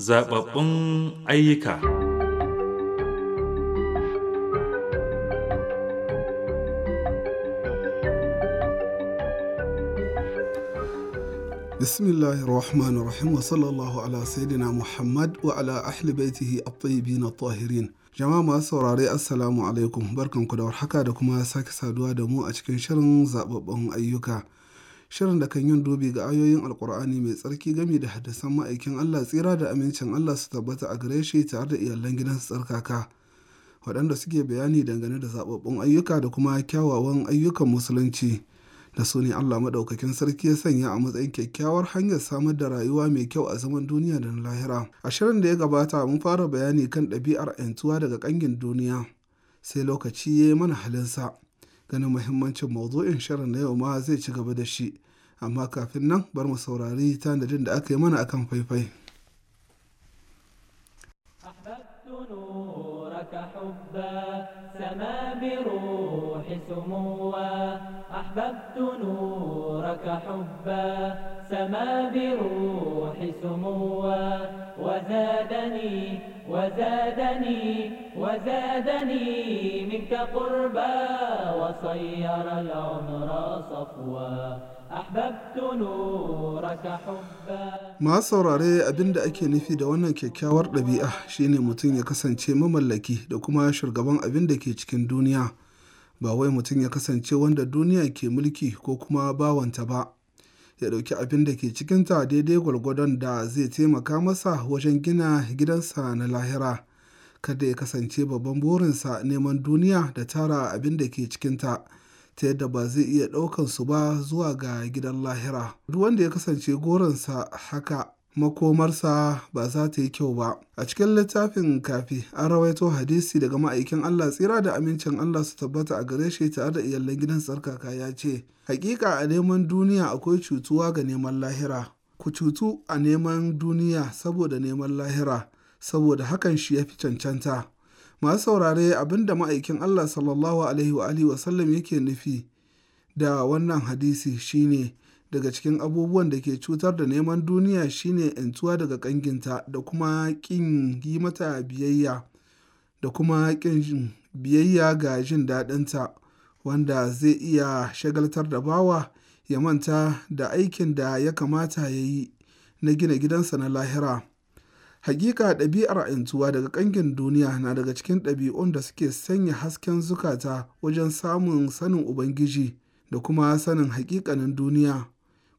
zababbun ayyuka bismillahi rahmanir rahim wa sallallahu ala sayyidina muhammad wa ala ahli baitihi at-tayyibin at-tahirin jama'a masu saurare assalamu alaikum barkanku da warhaka da kuma sake saduwa da mu a cikin shirin zababban ayyuka shirin da kan yin dubi ga ayoyin alkur'ani mai tsarki gami da hadisan ma'aikin Allah tsira da amincin Allah su tabbata a gare shi tare da iyalan gidan su tsarkaka waɗanda suke bayani dangane da zaɓaɓɓun ayyuka da kuma kyawawan ayyukan musulunci da su ne Allah maɗaukakin sarki ya sanya a matsayin kyakkyawar hanyar samar da rayuwa mai kyau a zaman duniya da na lahira. A shirin da ya gabata mun fara bayani kan ɗabi'ar ‘yantuwa daga ƙangin duniya sai lokaci ya yi mana halinsa. ganin muhimmancin maudu'in shirin na yau ma zai ci gaba da shi amma kafin nan bar mu saurari tanadin da aka yi mana akan faifai أحببت نورك حبا سما بروح سموا وزادني وزادني وزادني منك قربا وصير العمر صفوا masu saurare abinda ake nufi da wannan kyakkyawar ɗabi'a shine mutum ya kasance mamallaki da kuma shugaban abin da ke cikin duniya ba wai mutum ya kasance wanda duniya ke mulki ko kuma bawanta ba ya ɗauki abin da ke cikinta daidai gwargwadon da zai taimaka masa wajen gina gidansa na lahira kada ya kasance babban burinsa neman duniya da tara abin da ke cikinta ta yadda ba zai iya ɗaukan su ba zuwa ga gidan lahira duk wanda ya kasance goronsa haka makomarsa ba za ta yi kyau ba. A cikin littafin kafi an rawaito hadisi daga ma'aikin Allah tsira da amincin Allah su tabbata a gare shi tare da iyalan gidan tsarkaka ya ce, Hakika a neman duniya akwai cutuwa ga neman lahira, ku cutu a neman duniya saboda neman lahira, saboda hakan shi ya fi cancanta. Masu saurare abin da ma'aikin Allah sallallahu alaihi wa yake nufi da wannan hadisi shine Daga cikin abubuwan da ke cutar da neman duniya shine 'yantuwa daga ƙanginta da kuma ƙin yi mata biyayya da kuma ƙin biyayya ga jin daɗinta, wanda zai iya shagaltar da bawa ya manta da aikin da ya kamata ya yi na gina gidansa na lahira. Hakika ɗabi'ar 'yantuwa daga ƙangin duniya na daga cikin ɗabi'un da suke sanya hasken zukata wajen samun sanin Ubangiji da kuma sanin haƙiƙanin duniya.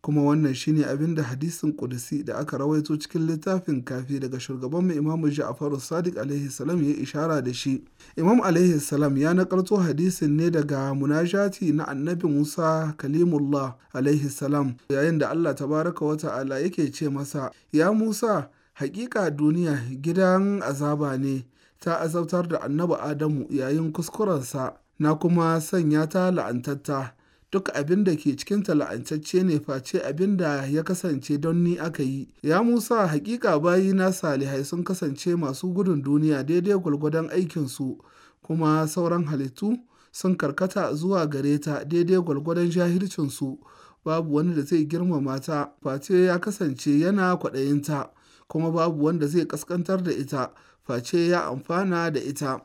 kuma wannan shine abin da hadisin ƙudusi da aka rawaito cikin littafin kafi daga shugabanmu imamu ja'faru sadiq alaihi salam ya ishara da shi imam alaihi salam ya nakarto hadisin ne daga munajati na annabi musa kalimullah alaihi salam yayin da allah tabaraka wa ta'ala yake ce masa ya musa hakika duniya gidan azaba ne ta azabtar da annabi adamu yayin kuskurensa na kuma sanya ta la'antatta Duk abin da ke cikin la'ancacce ne face abin da ya kasance don ni aka yi. Ya Musa, hakika na salihai sun kasance masu gudun duniya daidai gwalgwadon aikinsu, kuma sauran halittu sun karkata zuwa gare ta daidai gwalgwadon jahircinsu Babu wani da zai girmama ta, face ya kasance yana kwaɗayinta, kuma babu wanda zai ƙasƙantar da ita, face ya amfana da ita.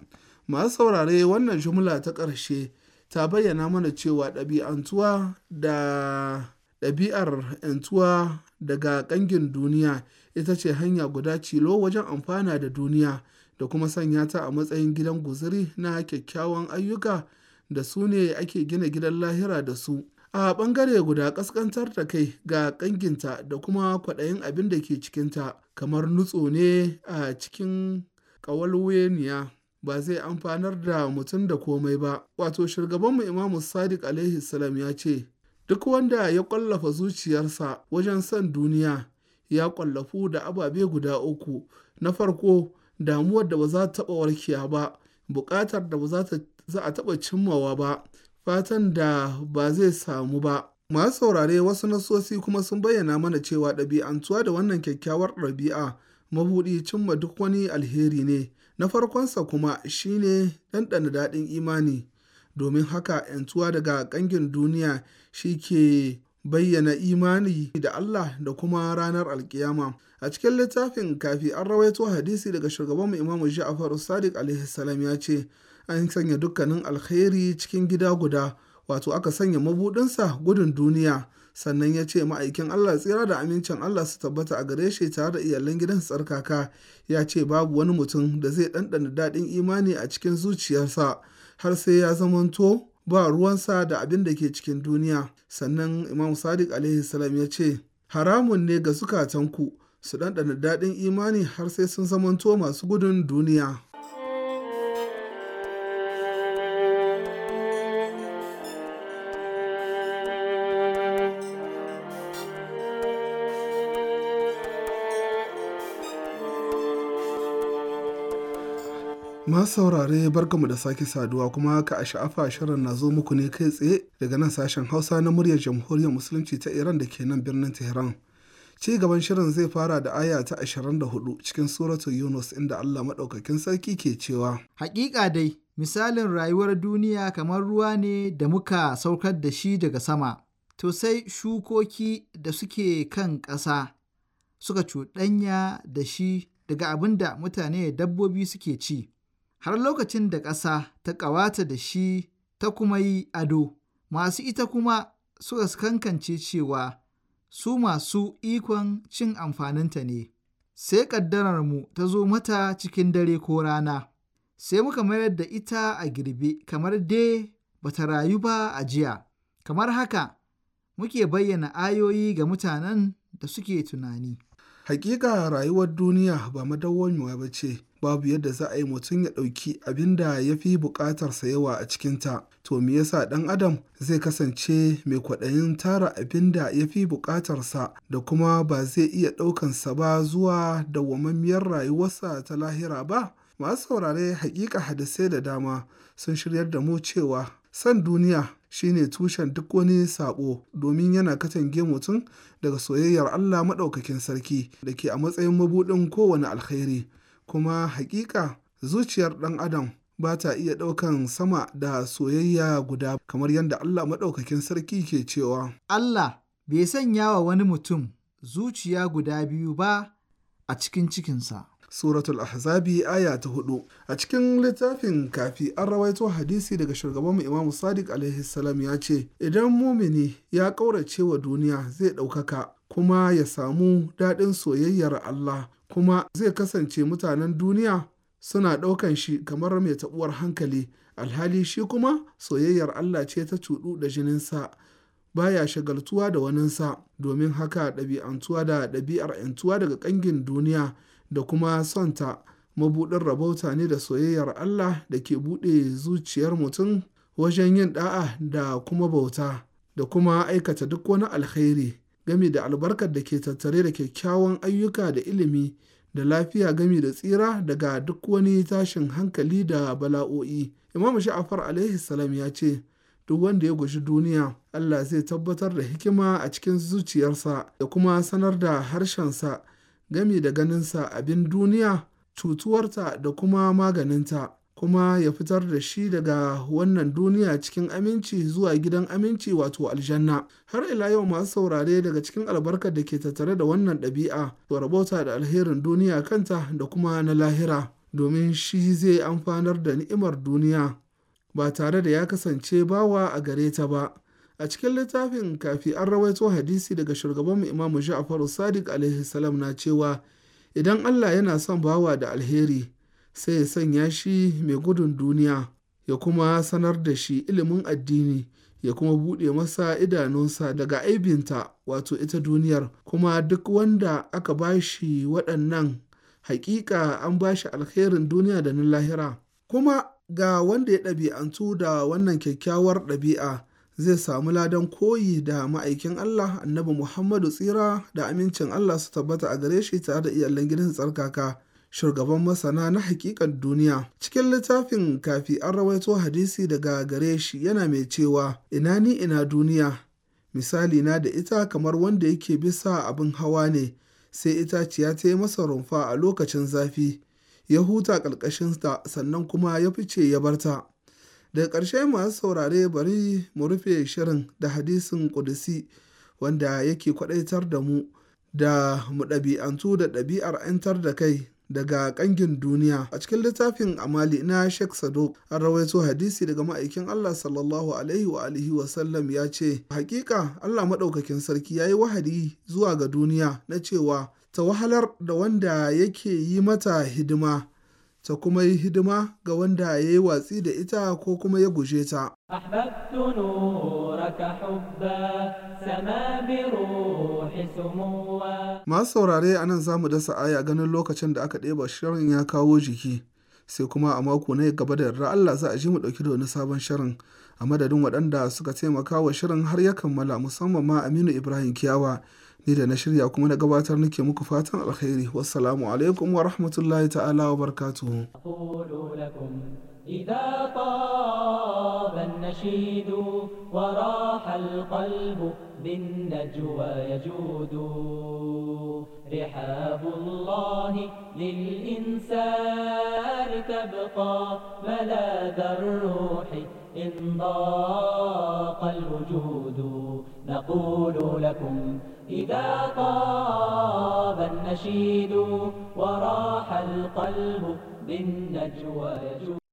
Masu saurare wannan jumla ta ƙarshe. ta bayyana mana cewa ɗabi'antuwa da ɗabi'ar 'yantuwa daga ƙangin duniya ita ce hanya guda cilo wajen amfana da duniya da kuma sanya ta a matsayin gidan guzuri na kyakkyawan ayyuka da su ne ake gina gidan lahira da su a bangare guda ƙasƙantar da kai ga ƙanginta da kuma kwaɗayin abin da ke cikinta kamar nutso ne a cikin ƙawalweniya ba zai amfanar da mutum da komai ba wato shugabanmu imamu sadiq alaihi ya ce duk wanda ya kwallafa zuciyarsa wajen son duniya ya kwallafu da ababe guda uku na farko damuwar da ba za ta taba warkiya ba buƙatar da ba za a taba cimmawa ba fatan da ba zai samu ba masu saurare wasu nasosi kuma sun bayyana mana cewa ɗabi'antuwa da wannan kyakkyawar ɗabi'a mabuɗi cimma duk wani alheri ne Na farkonsa kuma shi ne ɗanɗana daɗin imani, domin haka ‘yantuwa daga ƙangin duniya shi ke bayyana imani da Allah da kuma ranar alkiyama. A cikin littafin kafi an rawaito hadisi daga shugabanmu Imamu Ja'far Sadiq alaihi ya ce, an sanya dukkanin alkhairi cikin gida guda, wato aka sanya mabuɗinsa gudun duniya. sannan ya ce ma'aikin Allah tsira da amincin Allah su tabbata a gare shi tare da iyalan gidan tsarkaka ya ce babu wani mutum da zai ɗanɗana daɗin imani a cikin zuciyarsa har sai ya zamanto ba ruwansa da abin da ke cikin duniya sannan imam sadiq alaihi salam ya ce haramun ne ga zukatanku su ɗanɗana daɗin imani har sai sun zamanto masu gudun duniya Masu saurare barkamu da sake saduwa kuma haka a sha'afa shirin na zo muku ne kai tsaye daga nan sashen Hausa na muryar Jamhuriyar Musulunci ta Iran da ke nan birnin Tehran. Ci gaban shirin zai fara da aya ta 24 cikin suratul Yunus inda Allah maɗaukakin sarki ke cewa. Hakika dai, misalin rayuwar duniya kamar ruwa ne da muka saukar da shi daga sama, to sai shukoki da suke kan ƙasa suka cuɗanya da shi daga abin da mutane dabbobi suke ci. har lokacin da ƙasa ta ƙawata da shi ta kuma yi ado, masu ita kuma suka kankance cewa su masu ikon cin amfaninta ne, sai ƙaddararmu ta zo mata cikin dare ko rana, sai muka mayar da ita a girbe kamar dai bata rayu ba a jiya, kamar haka muke bayyana ayoyi ga mutanen da suke tunani. Hakika rayuwar duniya ba madawwamiwa ba ce. babu yadda za a yi mutum ya ɗauki abin da ya fi buƙatarsa yawa a cikinta. To me yasa ɗan adam zai kasance mai kwaɗayin tara abin da ya fi buƙatarsa da kuma ba zai iya ɗaukansa ba zuwa dawwammamiyar rayuwarsa ta lahira ba? Masu saurare haƙiƙa hadisai da dama sun shiryar da mu cewa san duniya shine tushen duk wani saƙo domin yana katange mutum daga soyayyar Allah maɗaukakin sarki da ke a matsayin mabuɗin kowane alkhairi. kuma haƙiƙa zuciyar ɗan adam ba ta iya ɗaukan sama da soyayya guda kamar yadda Allah maɗaukakin sarki ke cewa. Allah bai sanya wa wani mutum zuciya guda biyu ba a cikin cikinsa. Suratul Ahzabi aya ta hudu. A cikin littafin kafi an rawaito hadisi daga shugabanmu Imam Sadiq alaihi ya ce, Idan mumini ya ƙaurace wa duniya zai ɗaukaka kuma ya samu daɗin soyayyar Allah kuma zai kasance mutanen duniya suna ɗaukan shi kamar mai taɓuwar hankali alhali shi kuma soyayyar Allah ce ta cuɗu da jininsa baya shagaltuwa da waninsa domin haka ɗabi'antuwa da ɗabi'ar ‘yantuwa daga ƙangin duniya da kuma sonta mabuɗin rabauta ne da soyayyar Allah da ke buɗe zuciyar mutum wajen yin ɗa'a da kuma bauta da kuma aikata duk wani alkhairi gami da albarkar da ke tattare da kyakkyawan ayyuka da ilimi da lafiya gami da tsira daga duk wani tashin hankali da bala'o'i. Imam Sha'afar alaihi salam ya ce, Duk wanda ya guji duniya, Allah zai tabbatar da hikima a cikin zuciyarsa da kuma sanar da harshensa gami da ganinsa abin duniya, cutuwarta da kuma maganinta. kuma ya fitar da shi daga wannan duniya cikin aminci zuwa gidan aminci wato aljanna har ila yau masu saurare daga cikin albarkar da ke tattare da wannan ɗabi'a to rabota da alherin duniya kanta da kuma na lahira domin shi zai amfanar da ni'imar duniya ba tare da ya kasance bawa a gare ta ba a cikin littafin kafi an rawaito hadisi daga shugaban mu imamu ja'faru sadiq alaihi salam na cewa idan allah yana son bawa da alheri sai ya sanya shi mai gudun duniya ya kuma sanar da shi ilimin addini ya kuma buɗe masa idanunsa daga aibinta wato ita duniyar kuma duk wanda aka ba shi waɗannan hakika an ba shi alherin duniya da na lahira kuma ga wanda ya ɗabi'antu da wannan kyakkyawar ɗabi'a zai samu ladan koyi da ma'aikin Allah annabi Muhammadu tsira da amincin Allah su tabbata a gare shi tare da iyalan gidan tsarkaka shugaban masana na hakikan duniya cikin littafin kafi an rawaito hadisi daga gare shi yana mai cewa ina ni ina duniya misali na da ita kamar wanda yake bisa abin hawa ne sai itaciya ta yi masa rumfa a lokacin zafi ya huta ƙarƙashinta sannan kuma ya fice ya barta daga ƙarshe masu saurare bari mu rufe shirin da hadisin ƙudisi wanda yake kwaɗaitar da mu da mu ɗabi'antu da ɗabi'ar 'yantar da kai daga kangin duniya a cikin littafin amali na shek sadok an rawaito hadisi daga ma'aikin allah sallallahu alaihi wa alihi wa sallam ya ce hakika allah maɗaukakin sarki ya yi wahadi zuwa ga duniya na cewa ta wahalar da wanda yake yi mata hidima ta kuma yi hidima ga wanda ya yi watsi da ita ko kuma ya guje ta. Masu saurare a nan zamu mu dasa aya ganin lokacin da aka ɗeba shirin ya kawo jiki. Sai kuma a mako na gaba da yarda Allah za a ji mu ɗauki da wani sabon shirin. A madadin waɗanda suka taimaka wa shirin har ya kammala musamman ma Aminu Ibrahim Kiyawa. ni da na shirya kuma na gabatar nake muku fatan alkhairi wassalamu alaikum wa rahmatullahi ta'ala wa barakatuh إذا طاب النشيد وراح القلب بالنجوى يجود رحاب الله للإنسان تبقى ملاذ الروح إن ضاق الوجود نقول لكم إذا طاب النشيد وراح القلب بالنجوى يجود